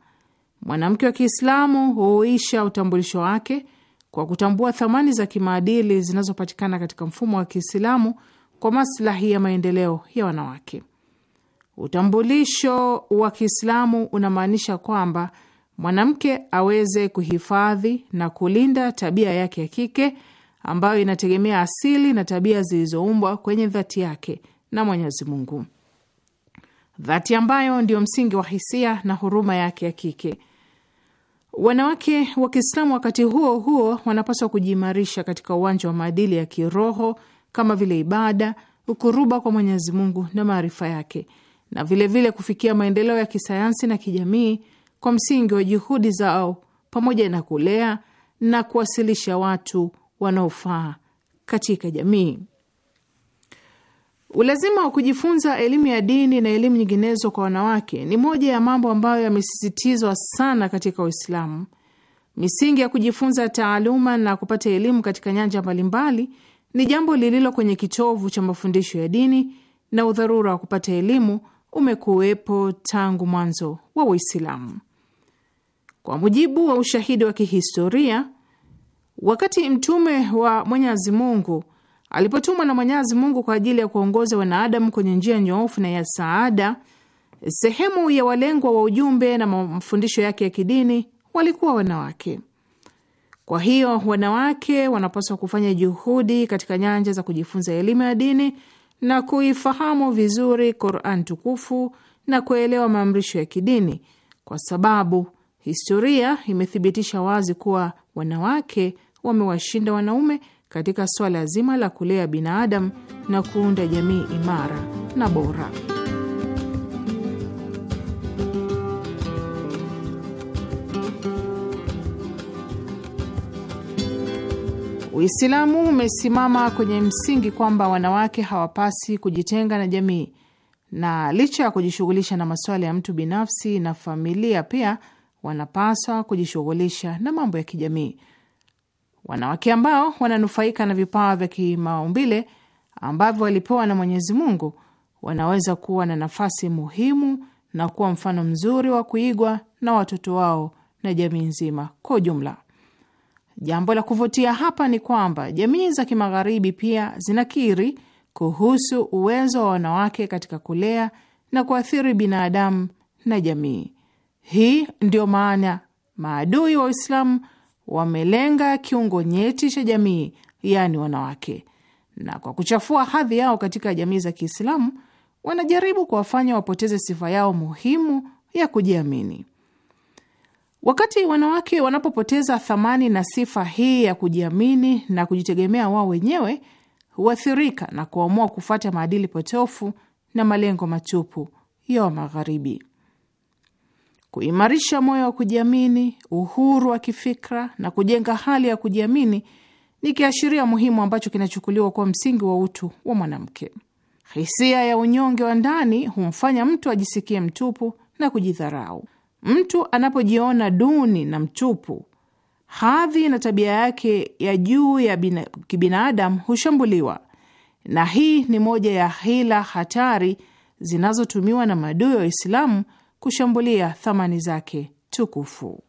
Mwanamke wa Kiislamu huisha utambulisho wake kwa kutambua thamani za kimaadili zinazopatikana katika mfumo wa Kiislamu kwa maslahi ya maendeleo ya wanawake. Utambulisho wa Kiislamu unamaanisha kwamba mwanamke aweze kuhifadhi na kulinda tabia yake ya kike ambayo inategemea asili na tabia zilizoumbwa kwenye dhati yake na Mwenyezi Mungu, dhati ambayo ndiyo msingi wa hisia na huruma yake ya kike. Wanawake wa Kiislamu wakati huo huo wanapaswa kujiimarisha katika uwanja wa maadili ya kiroho kama vile ibada, ukuruba kwa Mwenyezi Mungu na maarifa yake, na vilevile vile kufikia maendeleo ya kisayansi na kijamii kwa msingi wa juhudi zao pamoja na kulea na kuwasilisha watu wanaofaa katika jamii. Ulazima wa kujifunza elimu ya dini na elimu nyinginezo kwa wanawake ni moja ya mambo ambayo yamesisitizwa sana katika Uislamu. Misingi ya kujifunza taaluma na kupata elimu katika nyanja mbalimbali ni jambo lililo kwenye kitovu cha mafundisho ya dini, na udharura wa kupata elimu umekuwepo tangu mwanzo wa Uislamu. Kwa mujibu wa ushahidi wa kihistoria, wakati mtume wa Mwenyezi Mungu alipotumwa na Mwenyezi Mungu kwa ajili ya kuongoza wanadamu kwenye njia nyoofu na ya saada, sehemu ya walengwa wa ujumbe na mafundisho yake ya kidini walikuwa wanawake. Kwa hiyo wanawake wanapaswa kufanya juhudi katika nyanja za kujifunza elimu ya dini na kuifahamu vizuri Qur'an tukufu na kuelewa maamrisho ya kidini, kwa sababu Historia imethibitisha wazi kuwa wanawake wamewashinda wanaume katika swala zima la kulea binadamu na kuunda jamii imara na bora. Uislamu umesimama kwenye msingi kwamba wanawake hawapasi kujitenga na jamii, na licha ya kujishughulisha na masuala ya mtu binafsi na familia, pia wanapaswa kujishughulisha na mambo ya kijamii. Wanawake ambao wananufaika na vipawa vya kimaumbile ambavyo walipewa na Mwenyezi Mungu wanaweza kuwa na nafasi muhimu na kuwa mfano mzuri wa kuigwa na watoto wao na jamii nzima kwa ujumla. Jambo la kuvutia hapa ni kwamba jamii za kimagharibi pia zinakiri kuhusu uwezo wa wanawake katika kulea na kuathiri binadamu na jamii. Hii ndiyo maana maadui wa Uislamu wamelenga kiungo nyeti cha jamii, yaani wanawake, na kwa kuchafua hadhi yao katika jamii za Kiislamu wanajaribu kuwafanya wapoteze sifa yao muhimu ya kujiamini. Wakati wanawake wanapopoteza thamani na sifa hii ya kujiamini na kujitegemea wao wenyewe, huathirika na kuamua kufuata maadili potofu na malengo matupu ya Magharibi. Kuimarisha moyo wa kujiamini, uhuru wa kifikra na kujenga hali ya kujiamini ni kiashiria muhimu ambacho kinachukuliwa kuwa msingi wa utu wa mwanamke. Hisia ya unyonge wa ndani humfanya mtu ajisikie mtupu na kujidharau. Mtu anapojiona duni na mtupu, hadhi na tabia yake ya juu ya kibinadamu hushambuliwa, na hii ni moja ya hila hatari zinazotumiwa na maadui wa Uislamu kushambulia thamani zake tukufu.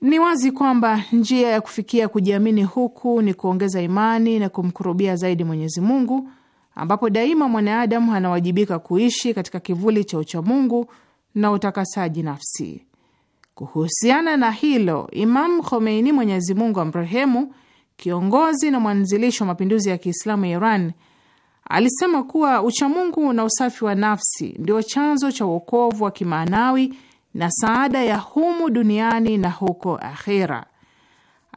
Ni wazi kwamba njia ya kufikia kujiamini huku ni kuongeza imani na kumkurubia zaidi Mwenyezi Mungu, ambapo daima mwanadamu anawajibika kuishi katika kivuli cha uchamungu na utakasaji nafsi. Kuhusiana na hilo, Imam Khomeini, Mwenyezi Mungu amrehemu, kiongozi na mwanzilishi wa mapinduzi ya Kiislamu ya Iran Alisema kuwa uchamungu na usafi wa nafsi ndio chanzo cha uokovu wa kimaanawi na saada ya humu duniani na huko akhera.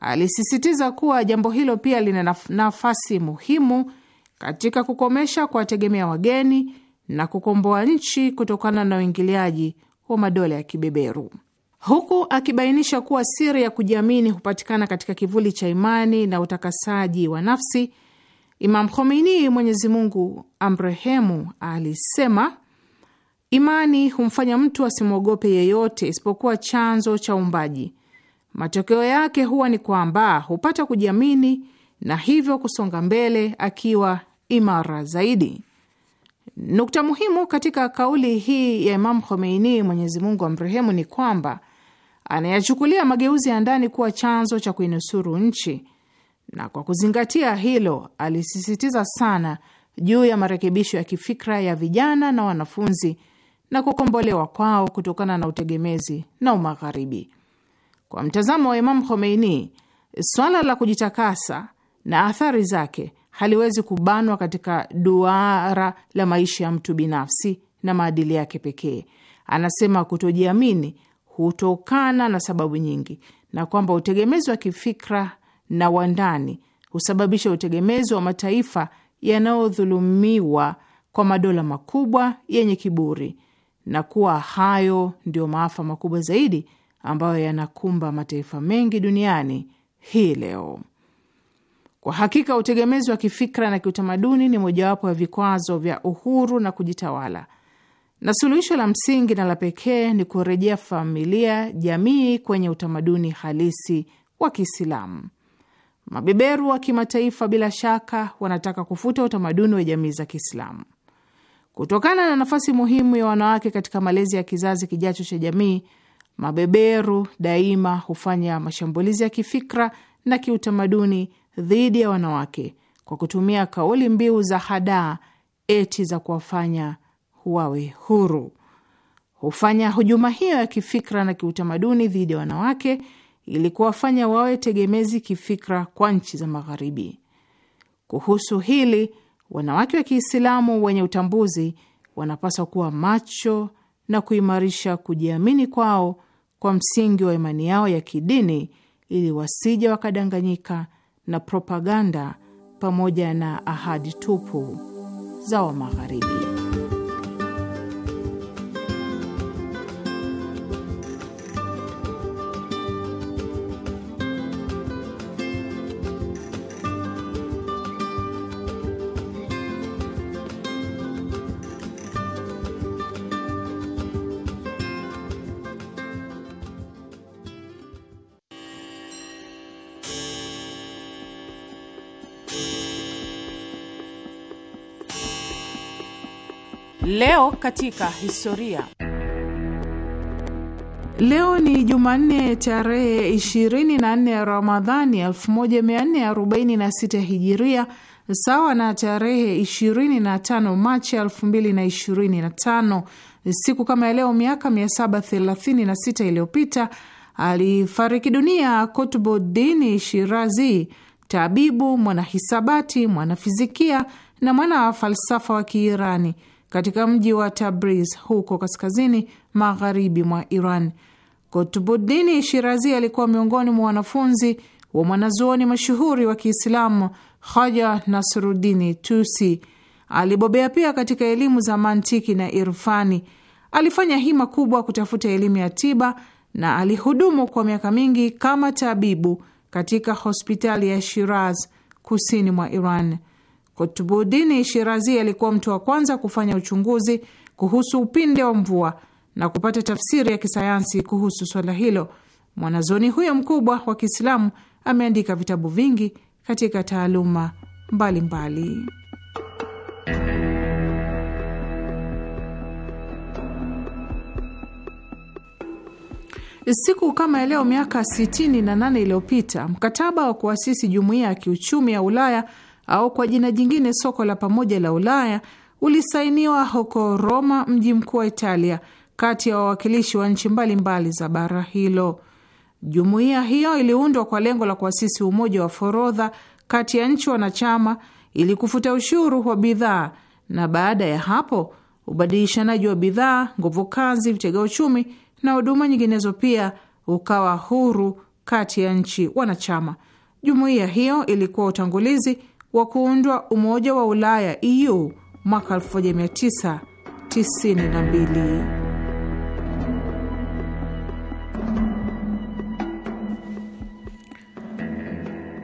Alisisitiza kuwa jambo hilo pia lina nafasi muhimu katika kukomesha kuwategemea wageni na kukomboa nchi kutokana na uingiliaji wa madola ya kibeberu, huku akibainisha kuwa siri ya kujiamini hupatikana katika kivuli cha imani na utakasaji wa nafsi Imam Khomeini, Mwenyezi Mungu amrehemu, alisema imani humfanya mtu asimwogope yeyote isipokuwa chanzo cha uumbaji. Matokeo yake huwa ni kwamba hupata kujiamini na hivyo kusonga mbele akiwa imara zaidi. Nukta muhimu katika kauli hii ya Imam Khomeini, Mwenyezi Mungu amrehemu, ni kwamba anayachukulia mageuzi ya ndani kuwa chanzo cha kuinusuru nchi na kwa kuzingatia hilo alisisitiza sana juu ya marekebisho ya kifikra ya vijana na wanafunzi na kukombolewa kwao kutokana na utegemezi na umagharibi. Kwa mtazamo wa Imamu Khomeini, swala la kujitakasa na athari zake haliwezi kubanwa katika duara la maisha ya mtu binafsi na maadili yake pekee. Anasema kutojiamini hutokana na sababu nyingi, na kwamba utegemezi wa kifikra na wa ndani husababisha utegemezi wa mataifa yanayodhulumiwa kwa madola makubwa yenye kiburi, na kuwa hayo ndio maafa makubwa zaidi ambayo yanakumba mataifa mengi duniani hii leo. Kwa hakika utegemezi wa kifikra na kiutamaduni ni mojawapo ya vikwazo vya uhuru na kujitawala, na suluhisho la msingi na la pekee ni kurejea familia, jamii kwenye utamaduni halisi wa Kiislamu. Mabeberu wa kimataifa bila shaka wanataka kufuta utamaduni wa jamii za Kiislamu. Kutokana na nafasi muhimu ya wanawake katika malezi ya kizazi kijacho cha jamii, mabeberu daima hufanya mashambulizi ya kifikra na kiutamaduni dhidi ya wanawake kwa kutumia kauli mbiu za hadaa eti za kuwafanya wawe huru. Hufanya hujuma hiyo ya kifikra na kiutamaduni dhidi ya wanawake ili kuwafanya wawe tegemezi kifikra kwa nchi za Magharibi. Kuhusu hili, wanawake wa Kiislamu wenye utambuzi wanapaswa kuwa macho na kuimarisha kujiamini kwao kwa msingi wa imani yao ya kidini, ili wasije wakadanganyika na propaganda pamoja na ahadi tupu za Wamagharibi. Leo katika historia. Leo ni Jumanne tarehe 24 ya Ramadhani 1446 Hijiria, sawa na tarehe 25 Machi 2025. Siku kama ya leo miaka 736 iliyopita alifariki dunia Kutbuddin Shirazi, tabibu, mwanahisabati, mwanafizikia na mwana wa falsafa wa Kiirani katika mji wa Tabriz huko kaskazini magharibi mwa Iran. Kutubudini Shirazi alikuwa miongoni mwa wanafunzi wa mwanazuoni mashuhuri wa Kiislamu Haja Nasrudini Tusi. Alibobea pia katika elimu za mantiki na irfani. Alifanya hima kubwa kutafuta elimu ya tiba na alihudumu kwa miaka mingi kama tabibu katika hospitali ya Shiraz kusini mwa Iran. Kutbudin Shirazi alikuwa mtu wa kwanza kufanya uchunguzi kuhusu upinde wa mvua na kupata tafsiri ya kisayansi kuhusu swala hilo. Mwanazoni huyo mkubwa wa Kiislamu ameandika vitabu vingi katika taaluma mbalimbali mbali. Siku kama leo miaka 68 iliyopita mkataba wa kuasisi jumuiya ya kiuchumi ya Ulaya au kwa jina jingine soko la pamoja la Ulaya ulisainiwa huko Roma, mji mkuu wa Italia, kati ya wawakilishi wa nchi mbalimbali za bara hilo. Jumuiya hiyo iliundwa kwa lengo la kuasisi umoja wa forodha kati ya nchi wanachama ili kufuta ushuru wa bidhaa, na baada ya hapo ubadilishanaji wa bidhaa, nguvu kazi, vitega uchumi na huduma nyinginezo pia ukawa huru kati ya nchi wanachama. Jumuiya hiyo ilikuwa utangulizi wa kuundwa Umoja wa Ulaya EU mwaka 1992.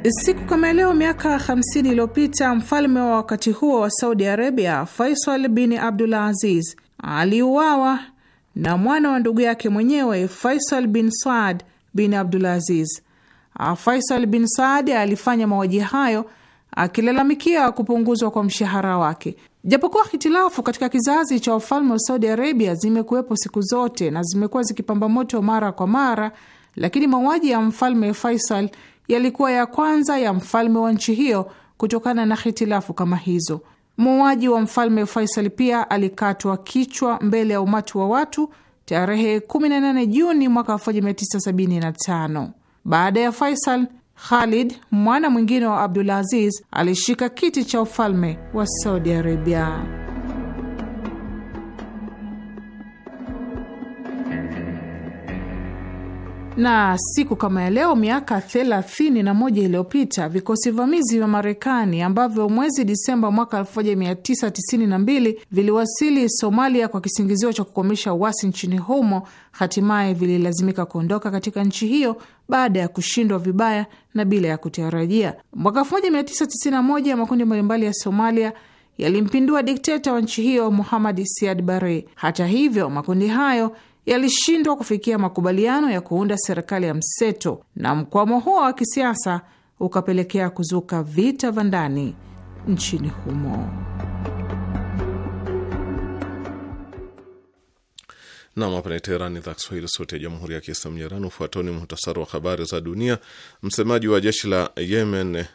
Siku kama leo miaka 50 iliyopita mfalme wa wakati huo wa Saudi Arabia, Faisal bin abdul Aziz aliuawa na mwana wa ndugu yake mwenyewe Faisal bin Saad bin abdul Aziz. Faisal bin Saad alifanya mauaji hayo akilalamikia kupunguzwa kwa mshahara wake. Japokuwa hitilafu katika kizazi cha wafalme wa Saudi Arabia zimekuwepo siku zote na zimekuwa zikipamba moto mara kwa mara, lakini mauaji ya mfalme Faisal yalikuwa ya kwanza ya mfalme wa nchi hiyo kutokana na hitilafu kama hizo. Muuaji wa mfalme Faisal pia alikatwa kichwa mbele ya umati wa watu tarehe 18 Juni mwaka 1975. Baada ya Faisal, Khalid mwana mwingine wa Abdulaziz alishika kiti cha ufalme wa Saudi Arabia. Na siku kama ya leo miaka 31 iliyopita vikosi vamizi vya Marekani ambavyo mwezi Disemba mwaka 1992 viliwasili Somalia kwa kisingizio cha kukomesha uasi nchini humo, hatimaye vililazimika kuondoka katika nchi hiyo baada ya kushindwa vibaya na bila ya kutarajia. Mwaka 1991 makundi mbalimbali ya Somalia yalimpindua dikteta wa nchi hiyo Muhamad Siad Barre. Hata hivyo makundi hayo yalishindwa kufikia makubaliano ya kuunda serikali ya mseto, na mkwamo huo wa kisiasa ukapelekea kuzuka vita vya ndani nchini humo. Nam, hapa ni Teherani, idhaa Kiswahili, sauti ya jamhuri ya kiislamu ya Iran. Ufuatoni muhtasari wa habari za dunia. Msemaji wa jeshi la Yemen,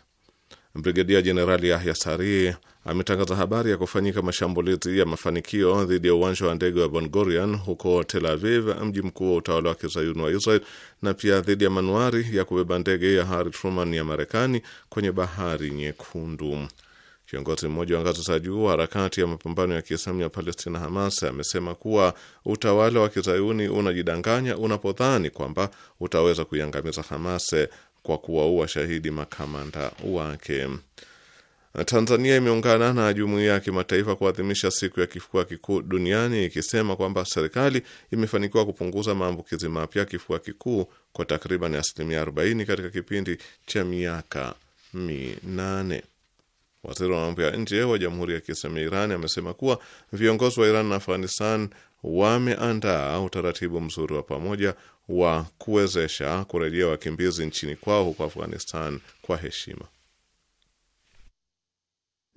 Brigedia Jenerali Yahya Sari ametangaza habari ya kufanyika mashambulizi ya mafanikio dhidi ya uwanja wa ndege wa bongorian Gurion huko Tel Aviv, mji mkuu wa utawala wa kizayuni wa Israel, na pia dhidi ya manuari ya kubeba ndege ya Harry Truman ya Marekani kwenye bahari Nyekundu. Kiongozi mmoja wa ngazi za juu wa harakati ya mapambano ya kiislamu ya Palestina, Hamas, amesema kuwa utawala wa kizayuni unajidanganya unapodhani kwamba utaweza kuiangamiza Hamas kwa kuwaua shahidi makamanda wake. Tanzania imeungana na jumuiya ya kimataifa kuadhimisha siku ya kifua kikuu duniani ikisema kwamba serikali imefanikiwa kupunguza maambukizi mapya kifua kikuu kwa takriban asilimia 40 katika kipindi cha miaka minane. Waziri wa mambo ya nje wa Jamhuri ya Kiislamu ya Iran amesema kuwa viongozi wa Iran na Afghanistan wameandaa utaratibu mzuri wa pamoja wa kuwezesha kurejea wakimbizi nchini kwao huko Afghanistan kwa heshima.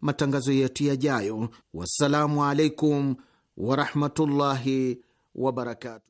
matangazo yetu yajayo. Wassalamu alaikum warahmatullahi wabarakatu.